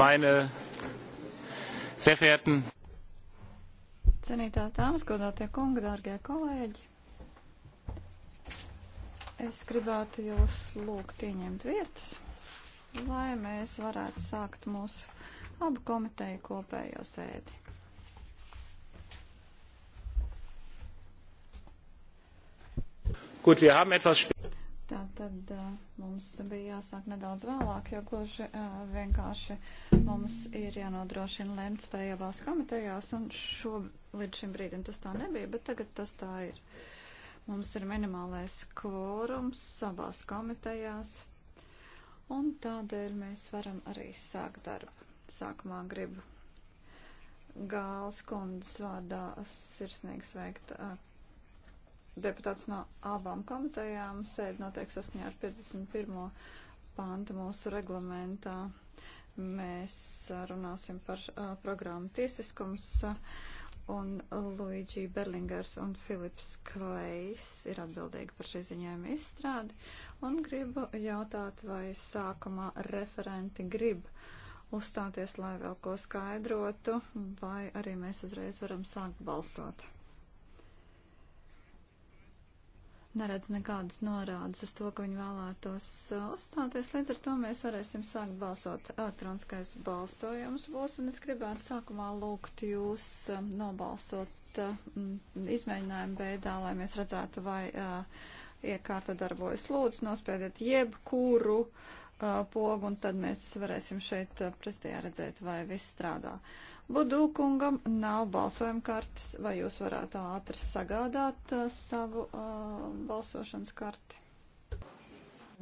meine sehr verehrten Cenītās dāmas, godātie kungi, dārgie kolēģi, es gribētu jūs lūgt ieņemt vietas, lai mēs varētu sākt mūsu abu komiteju kopējo sēdi. Gut, wir haben etwas tad uh, mums bija jāsāk nedaudz vēlāk, jo gluži uh, vienkārši mums ir jānodrošina lemtspējībās komitejās, un šo līdz šim brīdim tas tā nebija, bet tagad tas tā ir. Mums ir minimālais kvorums abās komitejās, un tādēļ mēs varam arī sākt darbu. Sākumā gribu Gāls kundzes vārdā sirsnīgi sveikt deputāts no abām komitejām sēd noteikti saskaņā ar 51. pāntu mūsu reglamentā. Mēs runāsim par uh, programmu tiesiskums un Luigi Berlingers un Filips Klejs ir atbildīgi par šī ziņojuma izstrādi. Un gribu jautāt, vai sākumā referenti grib uzstāties, lai vēl ko skaidrotu, vai arī mēs uzreiz varam sākt balsot. neredz nekādas norādes uz to, ka viņi vēlētos uh, uzstāties. Līdz ar to mēs varēsim sākt balsot. Elektroniskais balsojums būs, un es gribētu sākumā lūgt jūs um, nobalsot uh, izmēģinājumu veidā, lai mēs redzētu, vai uh, iekārta darbojas. Lūdzu, nospēdiet jebkuru pogu, un tad mēs varēsim šeit prestijā redzēt, vai viss strādā. Uh, Budūkungam nav balsojuma kartes, vai jūs varētu ātri sagādāt uh, savu uh, balsošanas karti?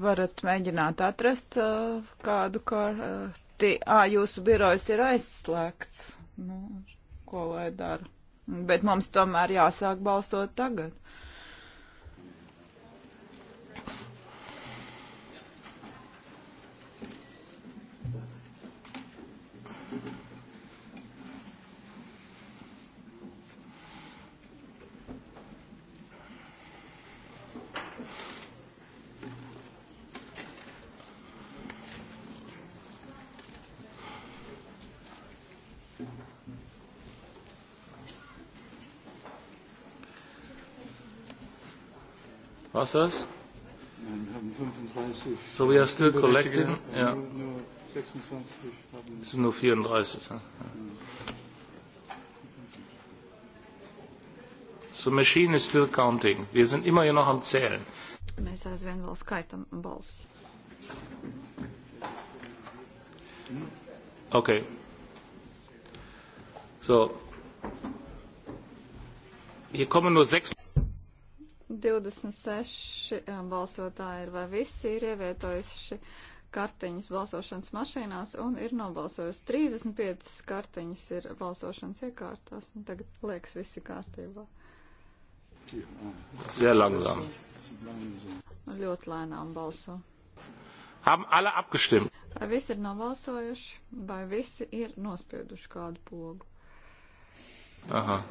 Varat mēģināt atrast uh, kādu karti. Ā, jūsu birojs ir aizslēgts. Nu, ko lai dara? Bet mums tomēr jāsāk balsot tagad. Was das? Nein, wir haben 35. So we are still collecting. Ja. Nur, nur 26 haben es sind nur 34. Ne? Ja. So machine is still counting. Wir sind immer hier noch am Zählen. Mēs aizvien vēl skaitam balsis. Okay. So. Hier kommen nur sechs. 26 um, balsotāji ir vai visi ir ievietojuši kartiņas balsošanas mašīnās un ir nobalsojusi. 35 kartiņas ir balsošanas iekārtās un tagad liekas visi kārtībā. Sehr langsam. Nu, ļoti lēnām balso. Haben alle abgestimmt? Vai visi ir nobalsojuši, vai visi ir nospieduši kādu pogu? Aha.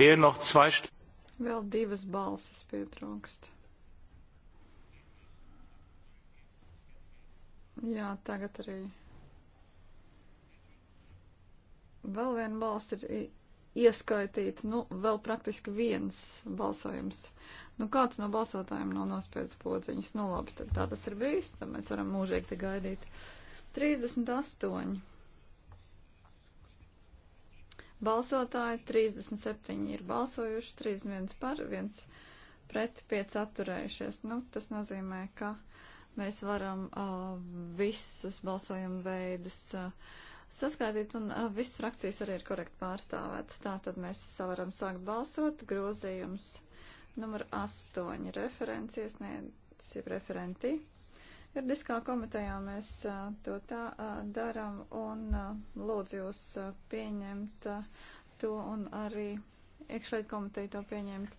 Vēl divas balsis pietrūkst. Jā, tagad arī. Vēl viena balss ir ieskaitīta, nu, vēl praktiski viens balsojums. Nu, kāds no balsotājiem nav nospiedis podziņas? Nu, labi, tad tā tas ir bijis, tad mēs varam mūžīgi te gaidīt. 38 balsotāji, 37 ir balsojuši, 31 par, 1 pret, 5 atturējušies. Nu, tas nozīmē, ka mēs varam uh, visus balsojumu veidus uh, saskaitīt, un uh, visas frakcijas arī ir korekti pārstāvētas. Tā tad mēs varam sākt balsot. Grozījums numur 8 referents iesniedz referenti Juridiskā komitejā mēs to tā darām un lūdzu jūs pieņemt to un arī iekšļiet komiteju to pieņemt.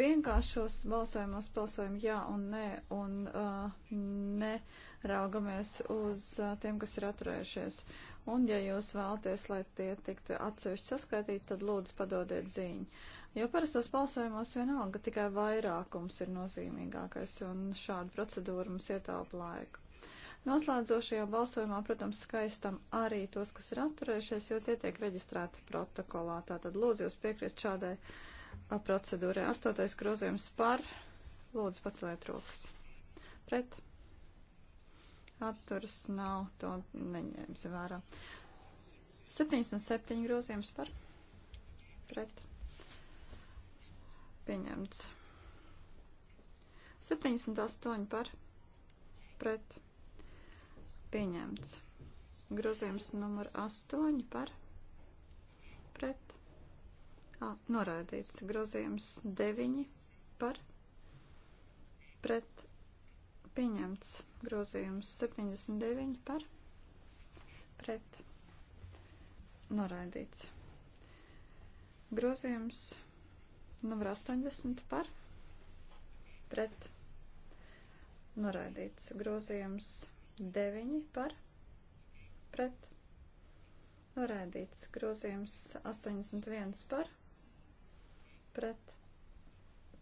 Vienkāršos balsojumos balsojam jā un nē un uh, neraugamies uz uh, tiem, kas ir atturējušies. Un ja jūs vēlaties, lai tie tiktu atsevišķi saskaitīti, tad lūdzu padodiet ziņu. Uh, Jo parastos balsojumos vienalga tikai vairākums ir nozīmīgākais, un šāda procedūra mums ietaupa laiku. Noslēdzošajā balsojumā, protams, skaistam arī tos, kas ir atturējušies, jo tie tiek reģistrēti protokolā. Tātad lūdzu jūs piekrist šādai procedūrai. Astotais grozījums par. Lūdzu, paceliet rokas. Pret. Atturas nav, to neņēmis vērā. 77 grozījums par. Pret Pieņemts. 78 par pret. Pieņemts. Grozījums numur 8 par pret. A, norādīts. Grozījums 9 par pret. Pieņemts. Grozījums 79 par pret. Norādīts. Grozījums 9 numur 80 par pret noraidīts. Grozījums 9 par pret noraidīts. Grozījums 81 par pret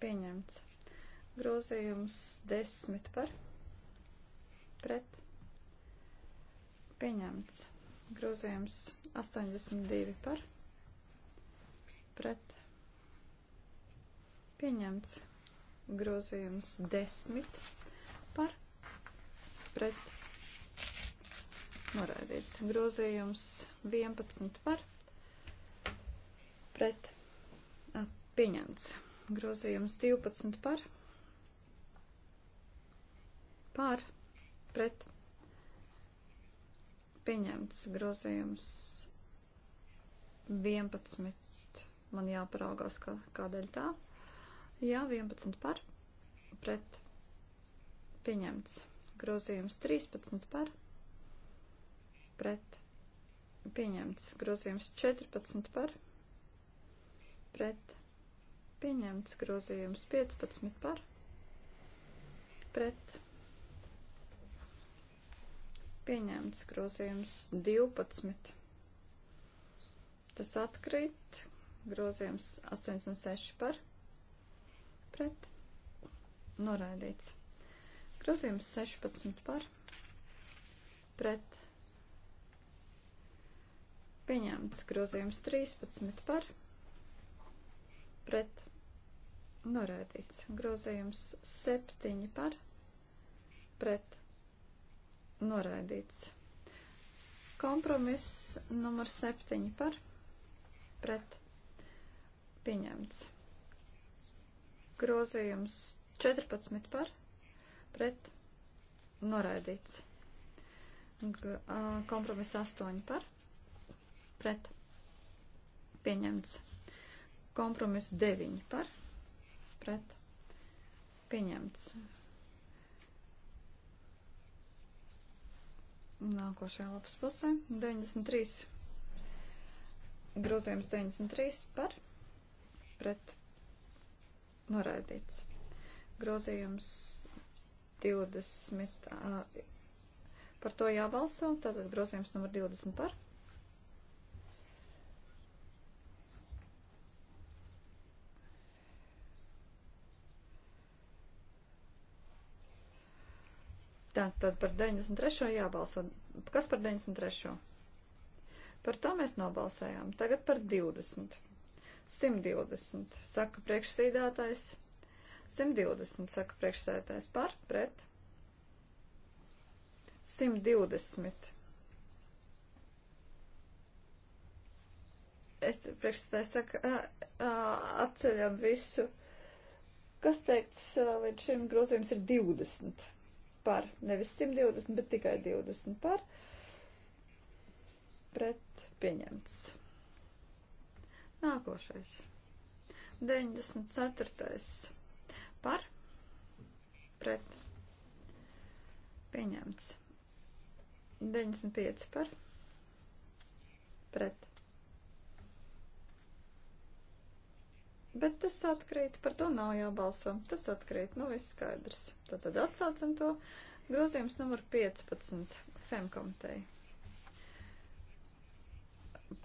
pieņemts. Grozījums 10 par pret pieņemts. Grozījums 82 par pret Pieņemts grozījums 10 par pret noraidīts. Grozījums 11 par pret pieņemts. Grozījums 12 par par pret pieņemts. Grozījums 11. Man jāparaugās, kā, kādēļ tā. Jā, 11 par, pret pieņemts. Grozījums 13 par, pret pieņemts. Grozījums 14 par, pret pieņemts. Grozījums 15 par, pret pieņemts. Grozījums 12. Tas atkrīt. Grozījums 86 par, pret pret noraidīts. Grozījums 16 par pret pieņemts. Grozījums 13 par pret noraidīts. Grozījums 7 par pret noraidīts. Kompromiss numur 7 par pret pieņemts. Grozījums 14 par pret noraidīts. Kompromiss 8 par pret pieņemts. Kompromiss 9 par pret pieņemts. Nākošajā lapas pusē 93. Grozījums 93 par pret noraidīts. Grozījums 20. Par to jābalso. Tātad grozījums numur 20 par. Tā, tad par 93. jābalso. Kas par 93. Par to mēs nobalsējām. Tagad par 20. 120, saka priekšsīdātājs. 120, saka priekšsēdētājs par, pret. 120. Es priekšsēdētājs saka, atceļam visu. Kas teikts līdz šim grozījums ir 20 par, nevis 120, bet tikai 20 par, pret pieņemts. Nākošais. 94. Par. Pret. Pieņemts. 95 par. Pret. Bet tas atkrīt, par to nav jābalso. Tas atkrīt, nu viss skaidrs. Tātad atsācam to. Grozījums numur 15 Femkomtei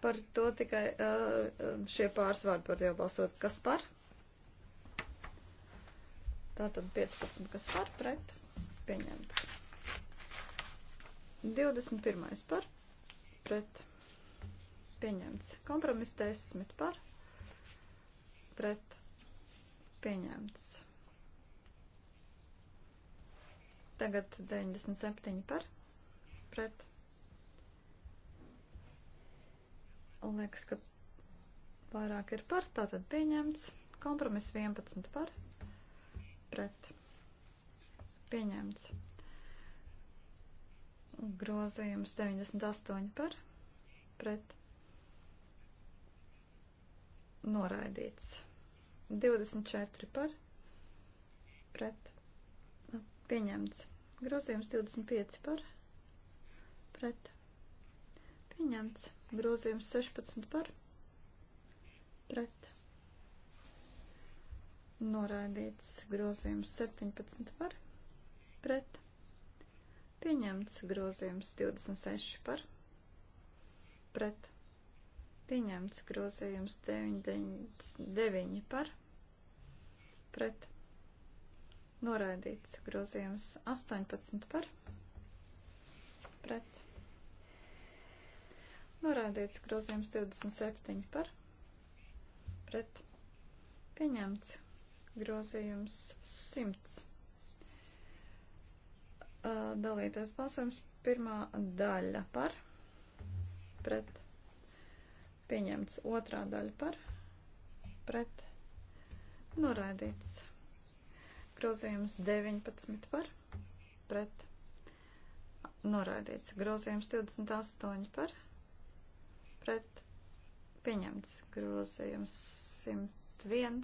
par to tikai šie pārsvārdi par jau balsot, kas par. Tātad 15, kas par, pret, pieņemts. 21 par, pret, pieņemts. Kompromiss 10 par, pret, pieņemts. Tagad 97 par, pret, pieņemts Liekas, ka vairāk ir par, tātad pieņemts. Kompromiss 11 par, pret, pieņemts. Grozījums 98 par, pret, noraidīts. 24 par, pret, pieņemts. Grozījums 25 par, pret, pieņemts. Grozījums 16 par pret. Noraidīts grozījums 17 par pret. Pieņemts grozījums 26 par pret. Pieņemts grozījums 99 par pret. Noraidīts grozījums 18 par pret Norādīts grozījums 27 par pret pieņemts grozījums 100. Dalītais balsojums pirmā daļa par pret pieņemts otrā daļa par pret noraidīts grozījums 19 par pret noraidīts grozījums 28 par pret pret pieņemts grozījums 101.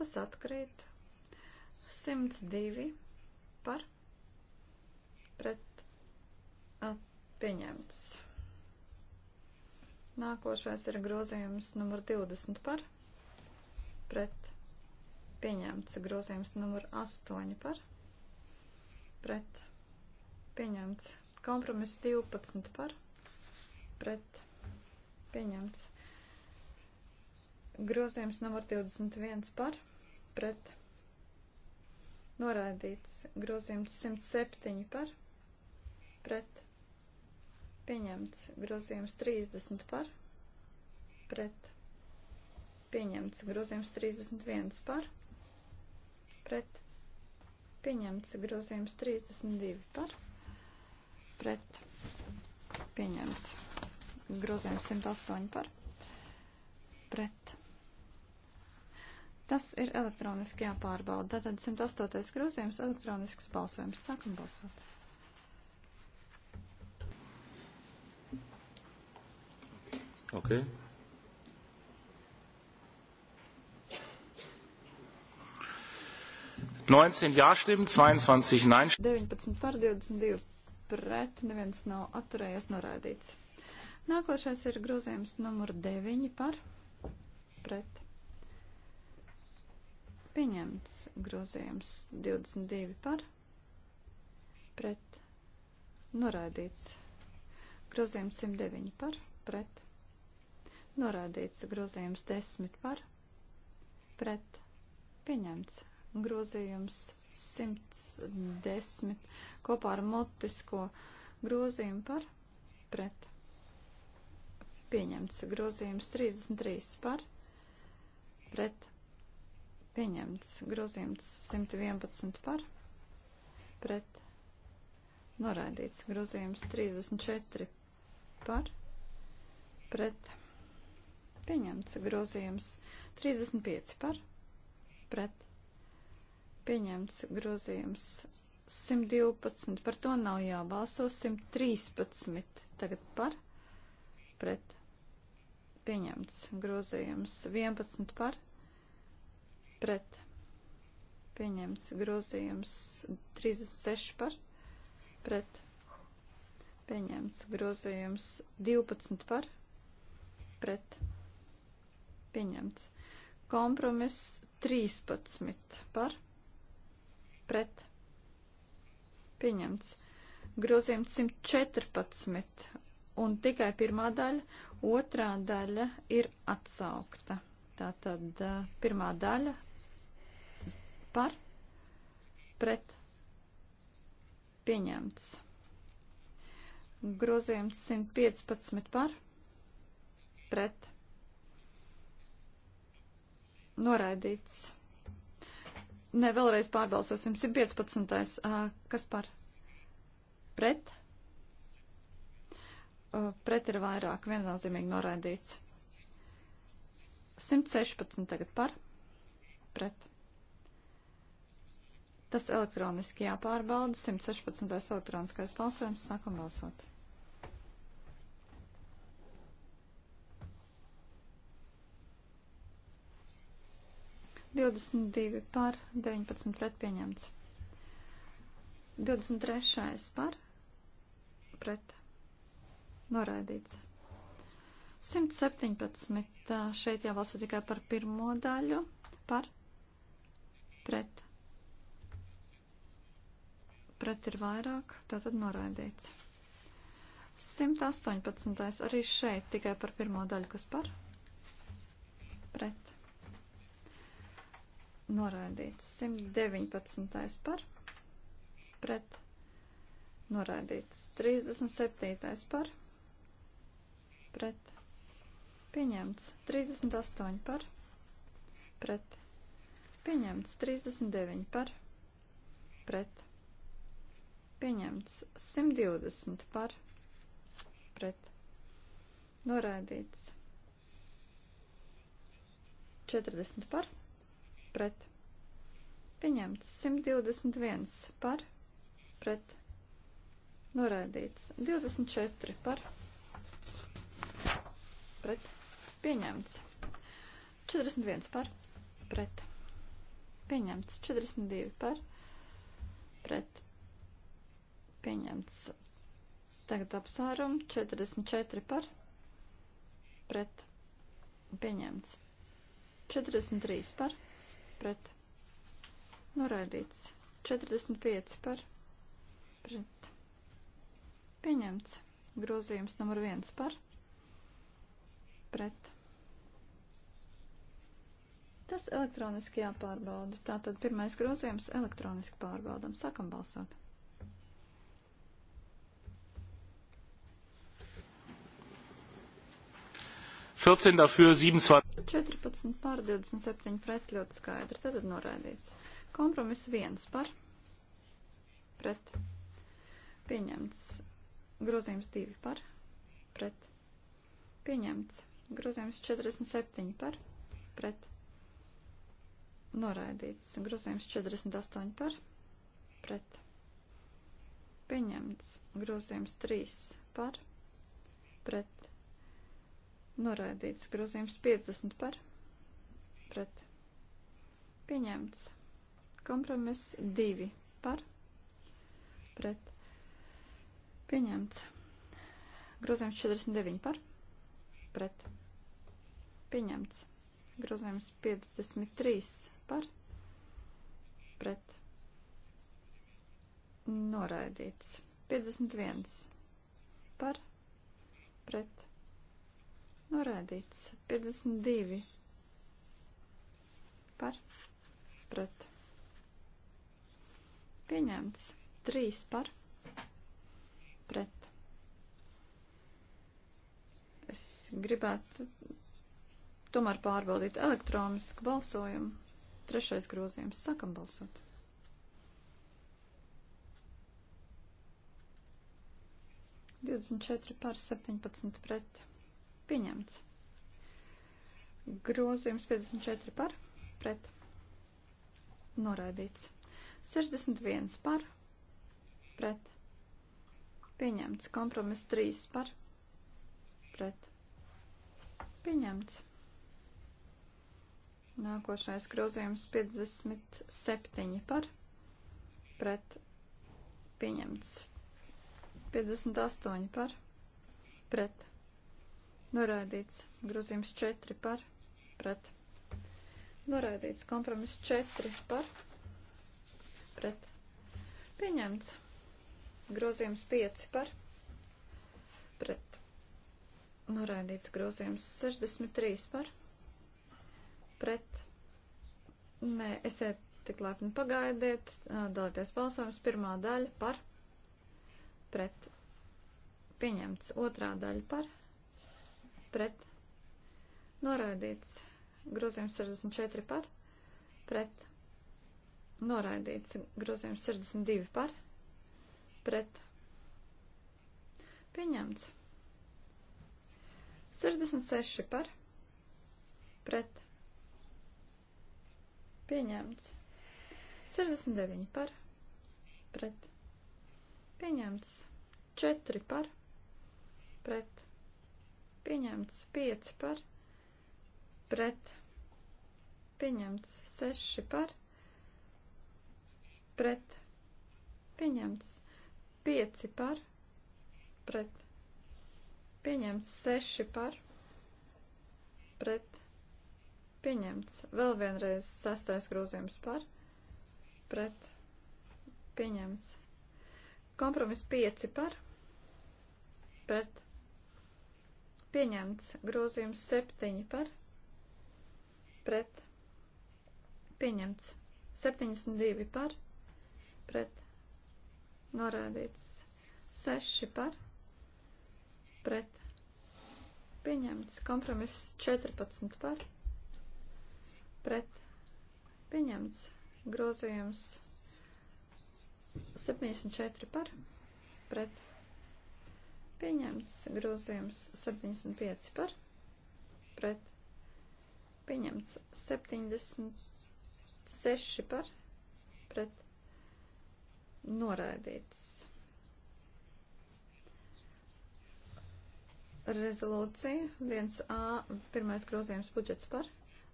Tas atkrīt 102 par pret at, pieņemts. Nākošais ir grozījums numur 20 par pret pieņemts grozījums numur 8 par pret pieņemts kompromiss 12 par pret pret pieņemts. Grozījums numur 21 par pret noraidīts. Grozījums 107 par pret pieņemts. Grozījums 30 par pret pieņemts. Grozījums 31 par pret pieņemts. Grozījums 32 par pret pieņemts grozījums 108 par pret. Tas ir elektroniski jāpārbauda. Tātad 108. grozījums elektronisks balsojums. Sākam balsot. Okay. Neunzehn Ja-Stimmen, 22 Nein-Stimmen. 19 par 22 pret, neviens nav atturējies noraidīts. Nākošais ir grozījums numur 9 par pret. Pieņemts grozījums 22 par pret. Norādīts grozījums 109 par pret. Norādīts grozījums 10 par pret. Pieņemts grozījums 110 kopā ar motisko grozījumu par pret pieņemts. Grozījums 33 par, pret, pieņemts. Grozījums 111 par, pret, noraidīts. Grozījums 34 par, pret, pieņemts. Grozījums 35 par, pret, pieņemts. Grozījums 112, par to nav jābalso, 113 tagad par, pret, pieņemts. Grozījums 11 par pret pieņemts. Grozījums 36 par pret pieņemts. Grozījums 12 par pret pieņemts. Kompromiss 13 par pret pieņemts. Grozījums 114 un tikai pirmā daļa, otrā daļa ir atsaukta. Tātad eh, pirmā daļa par pret pieņemts. Grozījums 115 par pret noraidīts. Ne, vēlreiz pārbalsosim 115. Eh, kas par pret? Uh, pret ir vairāk, viennozīmīgi noraidīts. 116 tagad par, pret. Tas elektroniski jāpārbauda. 116. elektroniskais balsojums. Sākam balsot. Divdesmit divi par, deviņpadsmit pret pieņemts. Divdesmit trešais par, pret Noraidīts. 117. Šeit jābalso tikai par pirmo daļu. Par. Pret. Pret ir vairāk, tātad noraidīts. 118. Arī šeit tikai par pirmo daļu, kas par. Pret. Noraidīts. 119. par. Pret. Noraidīts. 37. par. Pret pret pieņemts 38 par pret pieņemts 39 par pret pieņemts 120 par pret noraidīts 40 par pret pieņemts 121 par pret noraidīts 24 par pret pret pieņemts. 41 par pret pieņemts. 42 par pret pieņemts. Tagad apsvērumu 44 par pret pieņemts. 43 par pret noraidīts. 45 par pret pieņemts. Grozījums numur 1 par pret pret. Tas elektroniski jāpārbauda. Tātad pirmais grozījums elektroniski pārbaudam. Sākam balsot. Dafür, 14 pār 27 pret ļoti skaidri. Tad noraidīts. Kompromiss viens par pret. Pieņemts. Grozījums divi par pret. Pieņemts. Grozījums 47 par pret noraidīts. Grozījums 48 par pret pieņemts. Grozījums 3 par pret noraidīts. Grozījums 50 par pret pieņemts. Kompromiss 2 par pret pieņemts. Grozījums 49 par pret pret pieņemts. Grozījums 53 par pret noraidīts. 51 par pret noraidīts. 52 par pret pieņemts. 3 par pret Es gribētu tomēr pārbaudīt elektronisku balsojumu. Trešais grozījums. Sākam balsot. Divdesmit četri pār septiņpadsmit pret. Pieņemts. Grozījums 54 par pret. Noraidīts. 61 par pret. Pieņemts. Kompromiss 3 par pret pret pieņemts. Nākošais grozījums 57 par pret pieņemts. 58 par pret norādīts. Grozījums 4 par pret norādīts. Kompromiss 4 par pret pieņemts. Grozījums 5 par pret Noraidīts grozījums 63 par. Pret. Nē, esiet tik laipni pagaidiet. Dalīties balsojums. Pirmā daļa par. Pret. Pieņemts. Otrā daļa par. Pret. Noraidīts. Grozījums 64 par. Pret. Noraidīts. Grozījums 62 par. Pret. Pieņemts. 66 par pret pieņemts. 69 par pret pieņemts. 4 par pret pieņemts. 5 par pret pieņemts. 6 par pret pieņemts. 5 par pret pieņemts Pieņemts 6 par. Pret. Pieņemts. Vēl vienreiz sastais grozījums par. Pret. Pieņemts. Kompromis 5 par. Pret. Pieņemts. Grozījums 7 par. Pret. Pieņemts. 72 par. Pret. Norādīts. 6 par pret pieņemts. Kompromiss 14 par pret pieņemts. Grozījums 74 par pret pieņemts. Grozījums 75 par pret pieņemts. 76 par pret noraidīts. rezolūcija 1A, pirmais grozījums budžets par,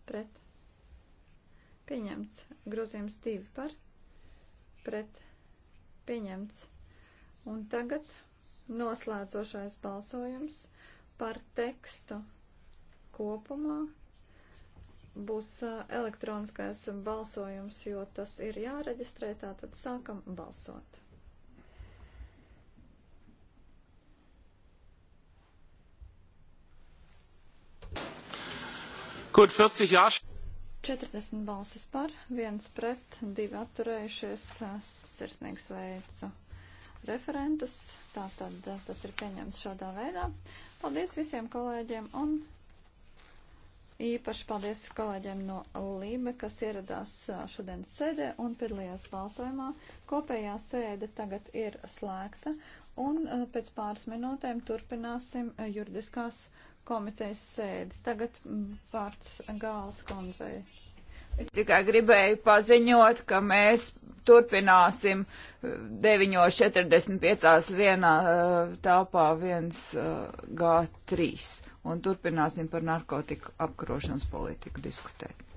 pret, pieņemts, grozījums 2 par, pret, pieņemts. Un tagad noslēdzošais balsojums par tekstu kopumā būs elektroniskais balsojums, jo tas ir jāreģistrē, tātad sākam balsot. Kur 40 jāš? 40 balsis par, viens pret, divi atturējušies. Sirsnīgi sveicu referentus. Tātad eh, tas ir pieņemts šādā veidā. Paldies visiem kolēģiem un īpaši paldies kolēģiem no Līme, kas ieradās eh, šodienas sēdē un piedalījās balsojumā. Kopējā sēde tagad ir slēgta un eh, pēc pāris minūtēm turpināsim juridiskās komitejas sēdi. Tagad vārds Gāls kundzei. Es tikai gribēju paziņot, ka mēs turpināsim 9.45 vienā eh, tāpā 1G3 eh, un turpināsim par narkotiku apkarošanas politiku diskutēt.